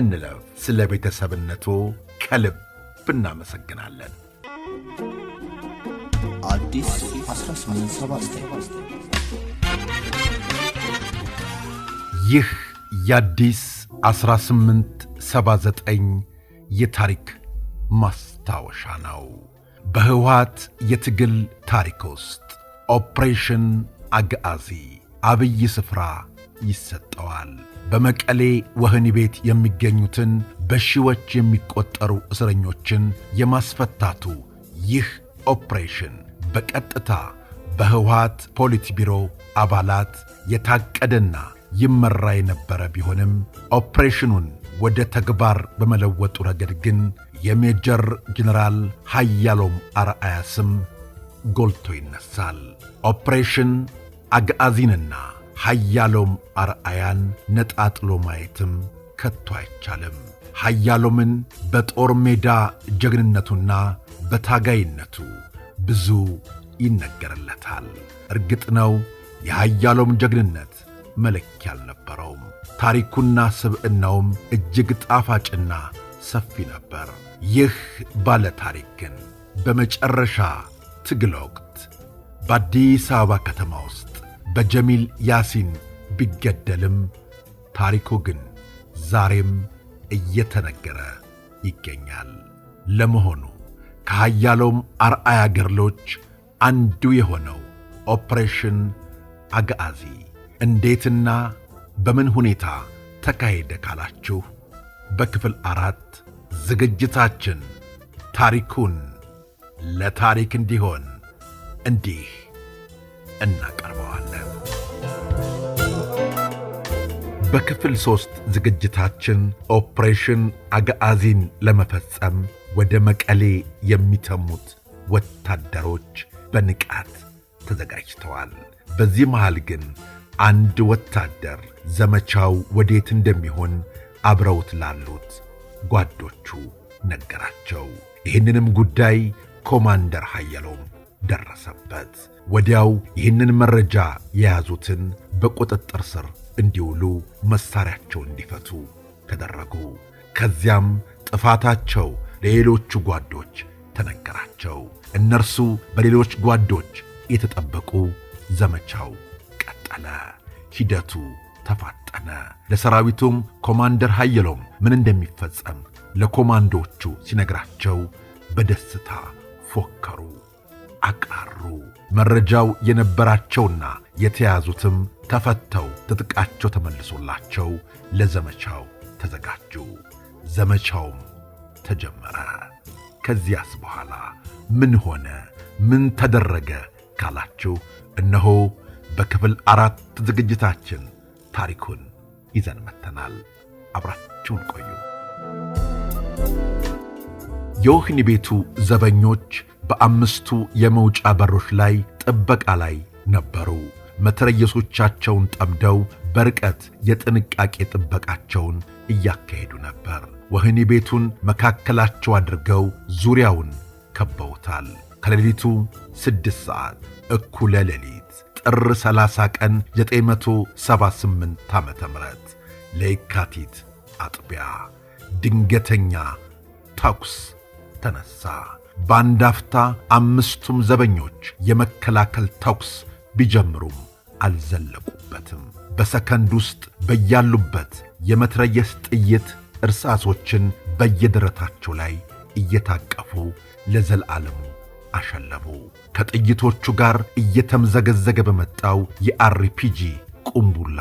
እንለፍ። ስለ ቤተሰብነቱ ከልብ እናመሰግናለን። ይህ የአዲስ 1879 የታሪክ ማስታወሻ ነው። በህወሓት የትግል ታሪክ ውስጥ ኦፕሬሽን አግአዚ አብይ ስፍራ ይሰጠዋል። በመቀሌ ወህኒ ቤት የሚገኙትን በሺዎች የሚቆጠሩ እስረኞችን የማስፈታቱ ይህ ኦፕሬሽን በቀጥታ በህወሓት ፖሊት ቢሮ አባላት የታቀደና ይመራ የነበረ ቢሆንም ኦፕሬሽኑን ወደ ተግባር በመለወጡ ረገድ ግን የሜጀር ጀነራል ሀያሎም አርአያ ስም ጎልቶ ይነሳል። ኦፕሬሽን አግአዚንና ሀያሎም አርአያን ነጣጥሎ ማየትም ከቶ አይቻልም። ሀያሎምን በጦር ሜዳ ጀግንነቱና በታጋይነቱ ብዙ ይነገርለታል። እርግጥ ነው የሀያሎም ጀግንነት መለኪያ አልነበረውም። ታሪኩና ስብዕናውም እጅግ ጣፋጭና ሰፊ ነበር። ይህ ባለ ታሪክ ግን በመጨረሻ ትግል ወቅት በአዲስ አበባ ከተማ ውስጥ በጀሚል ያሲን ቢገደልም ታሪኩ ግን ዛሬም እየተነገረ ይገኛል። ለመሆኑ ከሃያሎም አርአያ ገድሎች አንዱ የሆነው ኦፕሬሽን አጋአዚ እንዴትና በምን ሁኔታ ተካሄደ ካላችሁ በክፍል አራት ዝግጅታችን ታሪኩን ለታሪክ እንዲሆን እንዲህ እናቀርበዋለን። በክፍል ሦስት ዝግጅታችን ኦፕሬሽን አግዓዚን ለመፈጸም ወደ መቀሌ የሚተሙት ወታደሮች በንቃት ተዘጋጅተዋል። በዚህ መሃል ግን አንድ ወታደር ዘመቻው ወዴት እንደሚሆን አብረውት ላሉት ጓዶቹ ነገራቸው። ይህንንም ጉዳይ ኮማንደር ኃየሎም ደረሰበት። ወዲያው ይህንን መረጃ የያዙትን በቁጥጥር ስር እንዲውሉ መሳሪያቸውን እንዲፈቱ ተደረጉ። ከዚያም ጥፋታቸው ለሌሎቹ ጓዶች ተነገራቸው። እነርሱ በሌሎች ጓዶች የተጠበቁ። ዘመቻው ቀጠለ። ሂደቱ ተፋጠነ። ለሰራዊቱም ኮማንደር ኃየሎም ምን እንደሚፈጸም ለኮማንዶቹ ሲነግራቸው በደስታ ፎከሩ። አቃሩ መረጃው የነበራቸውና የተያዙትም ተፈተው ትጥቃቸው ተመልሶላቸው ለዘመቻው ተዘጋጁ። ዘመቻውም ተጀመረ። ከዚያስ በኋላ ምን ሆነ? ምን ተደረገ ካላችሁ እነሆ በክፍል አራት ዝግጅታችን ታሪኩን ይዘን መጥተናል። አብራችሁን ቆዩ። የወህኒ ቤቱ ዘበኞች በአምስቱ የመውጫ በሮች ላይ ጥበቃ ላይ ነበሩ። መትረየሶቻቸውን ጠምደው በርቀት የጥንቃቄ ጥበቃቸውን እያካሄዱ ነበር። ወህኒ ቤቱን መካከላቸው አድርገው ዙሪያውን ከበውታል። ከሌሊቱ ስድስት ሰዓት እኩለ ሌሊት ጥር 30 ቀን 978 ዓ ም ለየካቲት አጥቢያ ድንገተኛ ተኩስ ተነሳ። በአንድ አፍታ አምስቱም ዘበኞች የመከላከል ተኩስ ቢጀምሩም አልዘለቁበትም። በሰከንድ ውስጥ በያሉበት የመትረየስ ጥይት እርሳሶችን በየደረታቸው ላይ እየታቀፉ ለዘላለሙ አሸለቡ። ከጥይቶቹ ጋር እየተምዘገዘገ በመጣው የአርፒጂ ቁምቡላ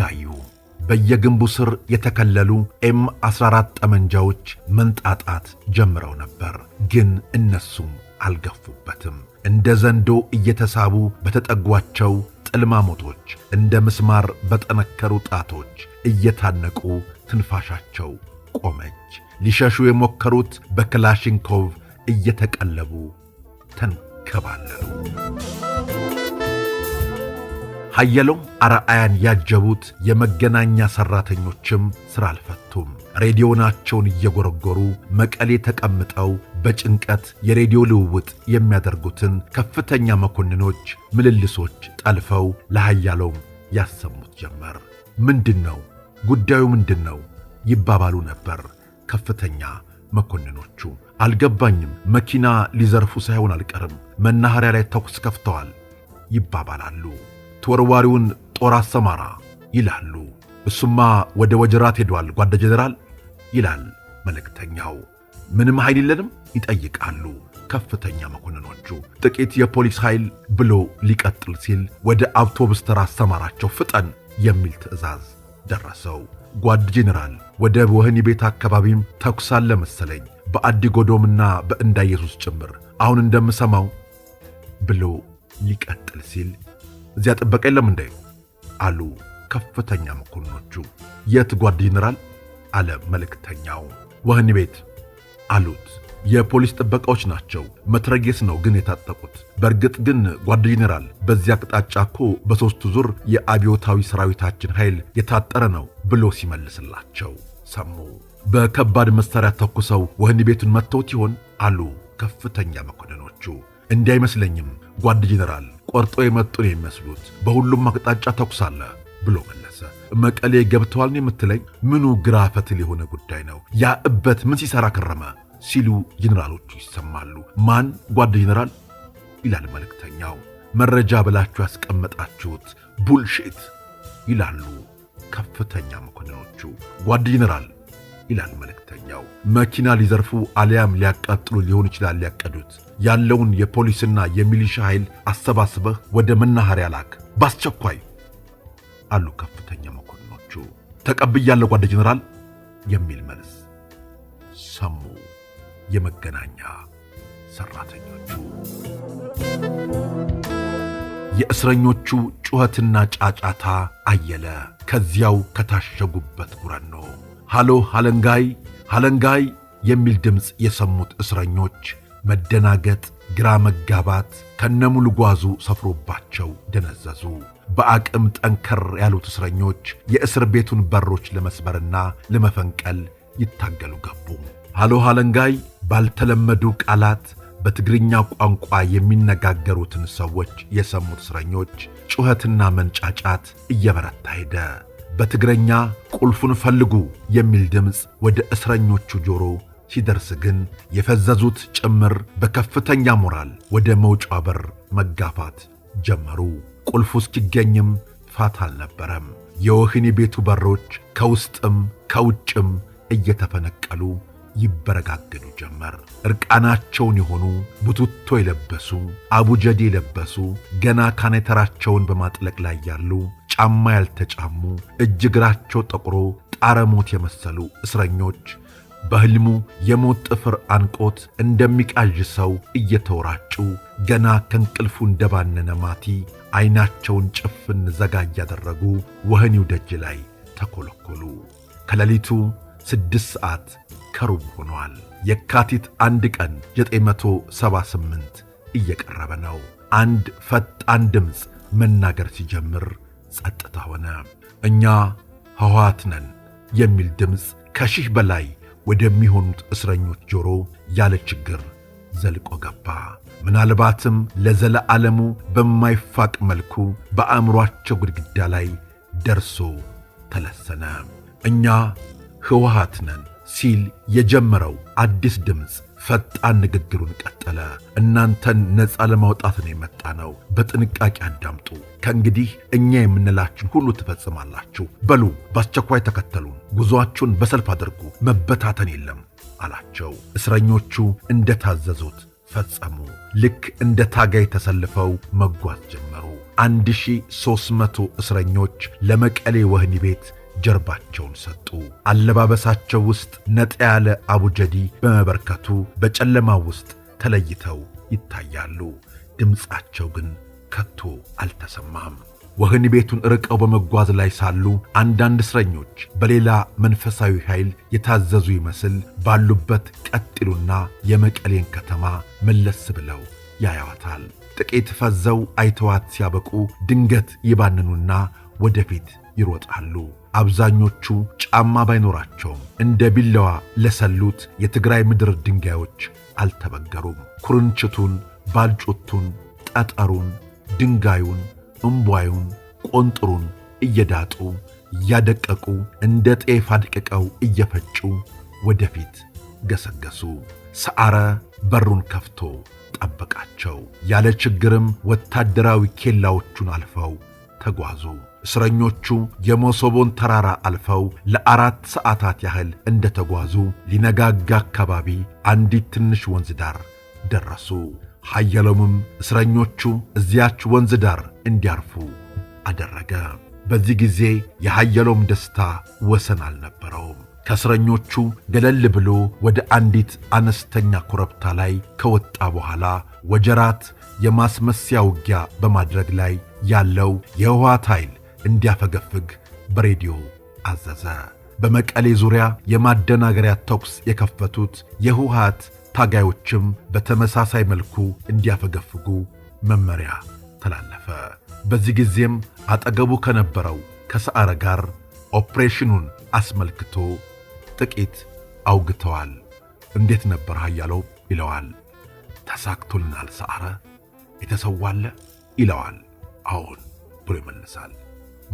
ጋዩም በየግንቡ ስር የተከለሉ ኤም 14 ጠመንጃዎች መንጣጣት ጀምረው ነበር። ግን እነሱም አልገፉበትም። እንደ ዘንዶ እየተሳቡ በተጠጓቸው ጥልማሞቶች፣ እንደ ምስማር በጠነከሩ ጣቶች እየታነቁ ትንፋሻቸው ቆመች። ሊሸሹ የሞከሩት በክላሽንኮቭ እየተቀለቡ ተንከባለሉ። ሀየሎም አረአያን ያጀቡት የመገናኛ ሠራተኞችም ሥራ አልፈቱም። ሬዲዮናቸውን እየጎረጎሩ መቀሌ ተቀምጠው በጭንቀት የሬዲዮ ልውውጥ የሚያደርጉትን ከፍተኛ መኮንኖች ምልልሶች ጠልፈው ለሀያሎም ያሰሙት ጀመር። ምንድን ነው ጉዳዩ ምንድን ነው ይባባሉ ነበር ከፍተኛ መኮንኖቹ። አልገባኝም፣ መኪና ሊዘርፉ ሳይሆን አልቀርም፣ መናኸሪያ ላይ ተኩስ ከፍተዋል ይባባላሉ። ተወርዋሪውን ጦር አሰማራ ይላሉ። እሱማ ወደ ወጀራት ሄዷል ጓደ ጀነራል ይላል መልእክተኛው። ምንም ኃይል የለንም ይጠይቃሉ ከፍተኛ መኮንኖቹ። ጥቂት የፖሊስ ኃይል ብሎ ሊቀጥል ሲል ወደ አውቶብስ ተራ አሰማራቸው ፍጠን የሚል ትዕዛዝ ደረሰው። ጓድ ጄኔራል ወደ ወህኒ ቤት አካባቢም ተኩስ አለ መሰለኝ በአዲ ጎዶምና በእንዳ ኢየሱስ ጭምር አሁን እንደምሰማው ብሎ ሊቀጥል ሲል እዚያ ጥበቃ የለም እንዴ? አሉ ከፍተኛ መኮንኖቹ። የት ጓድ ጄኔራል? አለ መልእክተኛው። ወህኒ ቤት አሉት። የፖሊስ ጥበቃዎች ናቸው። መትረጌስ ነው ግን የታጠቁት። በእርግጥ ግን ጓድ ጄኔራል፣ በዚያ አቅጣጫ እኮ በሦስቱ ዙር የአብዮታዊ ሰራዊታችን ኃይል የታጠረ ነው ብሎ ሲመልስላቸው ሰሙ። በከባድ መሳሪያ ተኩሰው ወህኒ ቤቱን መጥተውት ይሆን? አሉ ከፍተኛ መኮንኖቹ። እንዲህ አይመስለኝም ጓድ ጄኔራል ቆርጦ የመጡ ነው የሚመስሉት። በሁሉም አቅጣጫ ተኩስ አለ ብሎ መለሰ። መቀሌ ገብተዋል ነው የምትለኝ? ምኑ ግራ ፈትል የሆነ ጉዳይ ነው። ያ እበት ምን ሲሰራ ከረመ? ሲሉ ጀነራሎቹ ይሰማሉ። ማን ጓድ ጄኔራል ይላል መልእክተኛው። መረጃ ብላችሁ ያስቀመጣችሁት ቡልሽት ይላሉ ከፍተኛ መኮንኖቹ። ጓድ ጀነራል? ይላል መልእክተኛው። መኪና ሊዘርፉ አሊያም ሊያቃጥሉ ሊሆን ይችላል ያቀዱት። ያለውን የፖሊስና የሚሊሻ ኃይል አሰባስበህ ወደ መናኸሪያ ላክ በአስቸኳይ አሉ ከፍተኛ መኮንኖቹ። ተቀብያለሁ ጓደ ጀኔራል የሚል መልስ ሰሙ የመገናኛ ሰራተኞቹ። የእስረኞቹ ጩኸትና ጫጫታ አየለ ከዚያው ከታሸጉበት ጉረኖ ሃሎ ሃለንጋይ ሃለንጋይ የሚል ድምፅ የሰሙት እስረኞች መደናገጥ፣ ግራ መጋባት ከነሙሉ ጓዙ ሰፍሮባቸው ደነዘዙ። በአቅም ጠንከር ያሉት እስረኞች የእስር ቤቱን በሮች ለመስበርና ለመፈንቀል ይታገሉ ገቡ። ሃሎ ሃለንጋይ ባልተለመዱ ቃላት በትግርኛ ቋንቋ የሚነጋገሩትን ሰዎች የሰሙት እስረኞች ጩኸትና መንጫጫት እየበረታ ሄደ። በትግረኛ ቁልፉን ፈልጉ የሚል ድምፅ ወደ እስረኞቹ ጆሮ ሲደርስ ግን የፈዘዙት ጭምር በከፍተኛ ሞራል ወደ መውጫ በር መጋፋት ጀመሩ። ቁልፉ እስኪገኝም ፋታ አልነበረም። የወህኒ ቤቱ በሮች ከውስጥም ከውጭም እየተፈነቀሉ ይበረጋገዱ ጀመር። እርቃናቸውን የሆኑ ቡቱቶ የለበሱ አቡጀዴ የለበሱ ገና ካኔተራቸውን በማጥለቅ ላይ ያሉ ጫማ ያልተጫሙ እጅ እግራቸው ጠቁሮ ጣረ ሞት የመሰሉ እስረኞች በሕልሙ የሞት ጥፍር አንቆት እንደሚቃዥ ሰው እየተወራጩ ገና ከእንቅልፉ እንደባነነ ማቲ ዐይናቸውን ጭፍን ዘጋ እያደረጉ ወህኒው ደጅ ላይ ተኰለኰሉ። ከሌሊቱ ስድስት ሰዓት ከሩብ ሆኗል። የካቲት አንድ ቀን 978 እየቀረበ ነው። አንድ ፈጣን ድምፅ መናገር ሲጀምር ጸጥታ ሆነ። እኛ ህወሓት ነን የሚል ድምፅ ከሺህ በላይ ወደሚሆኑት እስረኞች ጆሮ ያለ ችግር ዘልቆ ገባ። ምናልባትም ለዘለዓለሙ በማይፋቅ መልኩ በአእምሯቸው ግድግዳ ላይ ደርሶ ተለሰነ። እኛ ህወሓት ነን ሲል የጀመረው አዲስ ድምፅ ፈጣን ንግግሩን ቀጠለ። እናንተን ነፃ ለማውጣት ነው የመጣ ነው። በጥንቃቄ አዳምጡ። ከእንግዲህ እኛ የምንላችሁን ሁሉ ትፈጽማላችሁ። በሉ በአስቸኳይ ተከተሉን። ጉዞአችሁን በሰልፍ አድርጉ። መበታተን የለም አላቸው። እስረኞቹ እንደታዘዙት ፈጸሙ። ልክ እንደ ታጋይ ተሰልፈው መጓዝ ጀመሩ። 1300 እስረኞች ለመቀሌ ወህኒ ቤት ጀርባቸውን ሰጡ። አለባበሳቸው ውስጥ ነጥ ያለ አቡጀዲ በመበርከቱ በጨለማ ውስጥ ተለይተው ይታያሉ። ድምፃቸው ግን ከቶ አልተሰማም። ወህኒ ቤቱን ርቀው በመጓዝ ላይ ሳሉ አንዳንድ እስረኞች በሌላ መንፈሳዊ ኃይል የታዘዙ ይመስል ባሉበት ቀጥሉና የመቀሌን ከተማ መለስ ብለው ያያዋታል። ጥቂት ፈዘው አይተዋት ሲያበቁ ድንገት ይባንኑና ወደፊት ይሮጣሉ። አብዛኞቹ ጫማ ባይኖራቸውም እንደ ቢላዋ ለሰሉት የትግራይ ምድር ድንጋዮች አልተበገሩም። ኩርንችቱን፣ ባልጩቱን፣ ጠጠሩን፣ ድንጋዩን፣ እምቧዩን፣ ቆንጥሩን እየዳጡ እያደቀቁ እንደ ጤፍ አድቅቀው እየፈጩ ወደፊት ገሰገሱ። ሰዓረ በሩን ከፍቶ ጠበቃቸው። ያለ ችግርም ወታደራዊ ኬላዎቹን አልፈው ተጓዙ። እስረኞቹ የሞሶቦን ተራራ አልፈው ለአራት ሰዓታት ያህል እንደተጓዙ ሊነጋጋ አካባቢ አንዲት ትንሽ ወንዝ ዳር ደረሱ። ሐየሎምም እስረኞቹ እዚያች ወንዝ ዳር እንዲያርፉ አደረገ። በዚህ ጊዜ የሐየሎም ደስታ ወሰን አልነበረውም። ከእስረኞቹ ገለል ብሎ ወደ አንዲት አነስተኛ ኮረብታ ላይ ከወጣ በኋላ ወጀራት የማስመሰያ ውጊያ በማድረግ ላይ ያለው የሕወሓት ኃይል እንዲያፈገፍግ በሬዲዮ አዘዘ። በመቀሌ ዙሪያ የማደናገሪያ ተኩስ የከፈቱት የህወሓት ታጋዮችም በተመሳሳይ መልኩ እንዲያፈገፍጉ መመሪያ ተላለፈ። በዚህ ጊዜም አጠገቡ ከነበረው ከሰዓረ ጋር ኦፕሬሽኑን አስመልክቶ ጥቂት አውግተዋል። እንዴት ነበር ኃያለው ይለዋል። ተሳክቶልናል ሰዓረ የተሰዋለ ይለዋል። አዎን ብሎ ይመልሳል።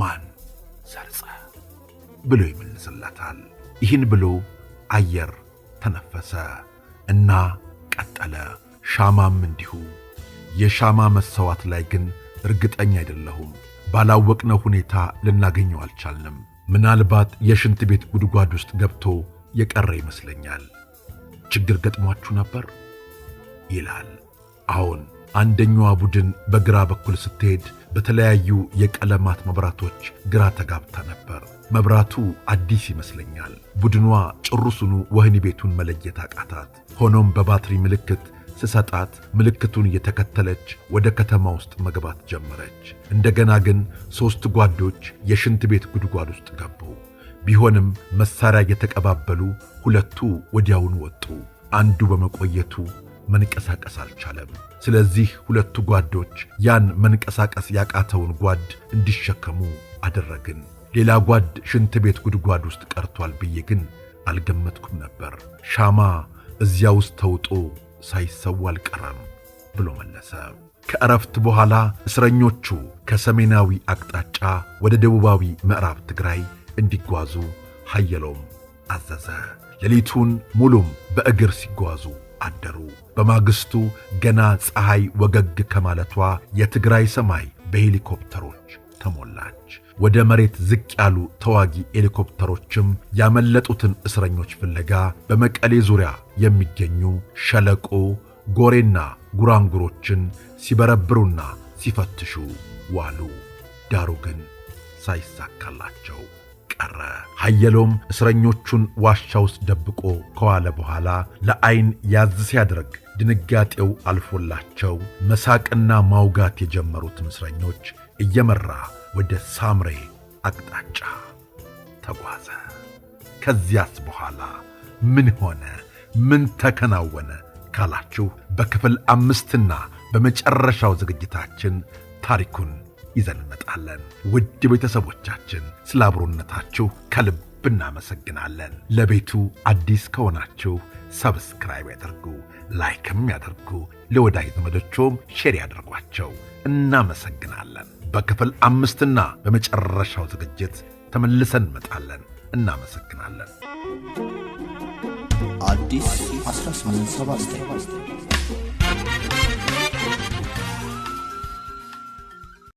ማን ሰርጸ ብሎ ይመልስለታል። ይህን ብሎ አየር ተነፈሰ እና ቀጠለ። ሻማም እንዲሁ። የሻማ መሰዋት ላይ ግን እርግጠኛ አይደለሁም። ባላወቅነው ሁኔታ ልናገኘው አልቻልንም። ምናልባት የሽንት ቤት ጉድጓድ ውስጥ ገብቶ የቀረ ይመስለኛል። ችግር ገጥሟችሁ ነበር ይላል። አሁን አንደኛዋ ቡድን በግራ በኩል ስትሄድ በተለያዩ የቀለማት መብራቶች ግራ ተጋብታ ነበር። መብራቱ አዲስ ይመስለኛል። ቡድኗ ጭሩሱኑ ወህኒ ቤቱን መለየት አቃታት። ሆኖም በባትሪ ምልክት ስሰጣት ምልክቱን እየተከተለች ወደ ከተማ ውስጥ መግባት ጀመረች። እንደገና ግን ሦስት ጓዶች የሽንት ቤት ጉድጓድ ውስጥ ገቡ። ቢሆንም መሳሪያ እየተቀባበሉ ሁለቱ ወዲያውን ወጡ። አንዱ በመቆየቱ መንቀሳቀስ አልቻለም። ስለዚህ ሁለቱ ጓዶች ያን መንቀሳቀስ ያቃተውን ጓድ እንዲሸከሙ አደረግን። ሌላ ጓድ ሽንት ቤት ጉድጓድ ውስጥ ቀርቷል ብዬ ግን አልገመትኩም ነበር። ሻማ እዚያ ውስጥ ተውጦ ሳይሰዋ አልቀረም ብሎ መለሰ። ከእረፍት በኋላ እስረኞቹ ከሰሜናዊ አቅጣጫ ወደ ደቡባዊ ምዕራብ ትግራይ እንዲጓዙ ሀየሎም አዘዘ። ሌሊቱን ሙሉም በእግር ሲጓዙ አደሩ። በማግስቱ ገና ፀሐይ ወገግ ከማለቷ የትግራይ ሰማይ በሄሊኮፕተሮች ተሞላች። ወደ መሬት ዝቅ ያሉ ተዋጊ ሄሊኮፕተሮችም ያመለጡትን እስረኞች ፍለጋ በመቀሌ ዙሪያ የሚገኙ ሸለቆ፣ ጎሬና ጉራንጉሮችን ሲበረብሩና ሲፈትሹ ዋሉ። ዳሩ ግን ሳይሳካላቸው ቀረ። ሀየሎም እስረኞቹን ዋሻ ውስጥ ደብቆ ከዋለ በኋላ ለዐይን ያዝ ሲያደርግ ድንጋጤው አልፎላቸው መሳቅና ማውጋት የጀመሩትን እስረኞች እየመራ ወደ ሳምሬ አቅጣጫ ተጓዘ። ከዚያስ በኋላ ምን ሆነ? ምን ተከናወነ ካላችሁ በክፍል አምስትና በመጨረሻው ዝግጅታችን ታሪኩን ይዘን እንመጣለን። ውድ ቤተሰቦቻችን ስለ አብሮነታችሁ ከልብ እናመሰግናለን። ለቤቱ አዲስ ከሆናችሁ ሰብስክራይብ ያደርጉ፣ ላይክም ያደርጉ፣ ለወዳጅ ዘመዶችም ሼር ያደርጓቸው። እናመሰግናለን። በክፍል አምስትና በመጨረሻው ዝግጅት ተመልሰን እንመጣለን። እናመሰግናለን። አዲስ 1879